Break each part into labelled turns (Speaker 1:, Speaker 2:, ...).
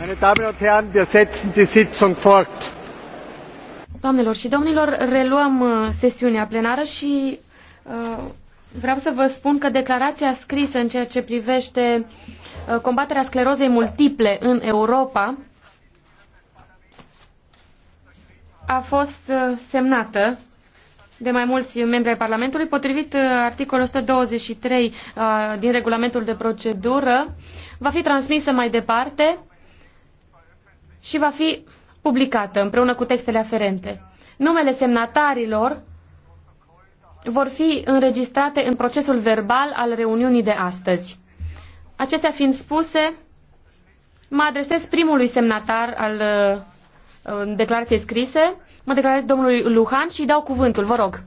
Speaker 1: Meine Damen und Herren, wir setzen die Sitzung fort.
Speaker 2: Doamnelor și domnilor, reluăm uh, sesiunea plenară și uh, vreau să vă spun că declarația scrisă în ceea ce privește uh, combaterea sclerozei multiple în Europa a fost semnată de mai mulți membri ai Parlamentului, potrivit articolul 123 din regulamentul de procedură, va fi transmisă mai departe și va fi publicată împreună cu textele aferente. Numele semnatarilor vor fi înregistrate în procesul verbal al reuniunii de astăzi. Acestea fiind spuse, mă adresez primului semnatar al uh, declarației scrise, mă declarez domnului Luhan și îi dau cuvântul, vă rog.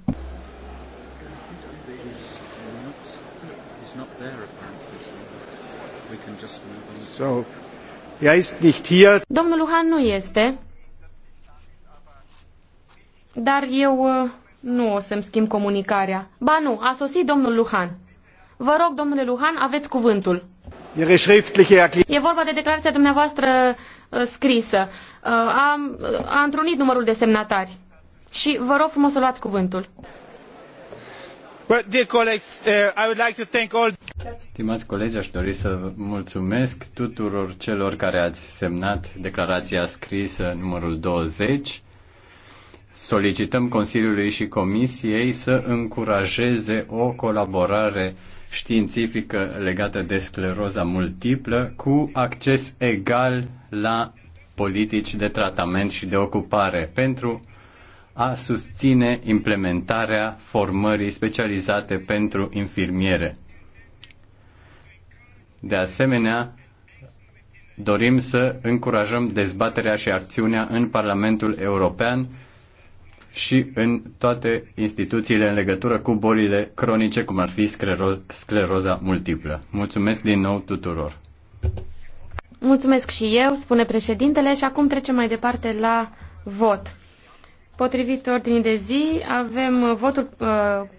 Speaker 1: So, Er ist nicht hier.
Speaker 2: Domnul Luhan nu este, dar eu uh, nu o să-mi schimb comunicarea. Ba nu, a sosit domnul Luhan. Vă rog, domnule Luhan, aveți cuvântul. E vorba de declarația dumneavoastră uh, scrisă. Uh, a, a întrunit numărul de semnatari. Și vă rog frumos să luați cuvântul.
Speaker 1: Well, dear colleagues, uh, I would like to thank all... Stimați colegi, aș dori să vă mulțumesc tuturor celor care ați semnat declarația scrisă numărul 20. Solicităm Consiliului și Comisiei să încurajeze o colaborare științifică legată de scleroza multiplă cu acces egal la politici de tratament și de ocupare pentru a susține implementarea formării specializate pentru infirmiere. De asemenea, dorim să încurajăm dezbaterea și acțiunea în Parlamentul European și în toate instituțiile în legătură cu bolile cronice, cum ar fi sclero- scleroza multiplă. Mulțumesc din nou tuturor!
Speaker 2: Mulțumesc și eu, spune președintele, și acum trecem mai departe la vot. Potrivit ordinii de zi, avem uh, votul uh,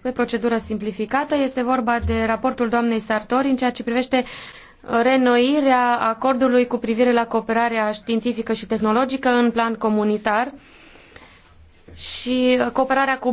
Speaker 2: pe procedură simplificată. Este vorba de raportul doamnei Sartori în ceea ce privește uh, renoirea acordului cu privire la cooperarea științifică și tehnologică în plan comunitar și cooperarea cu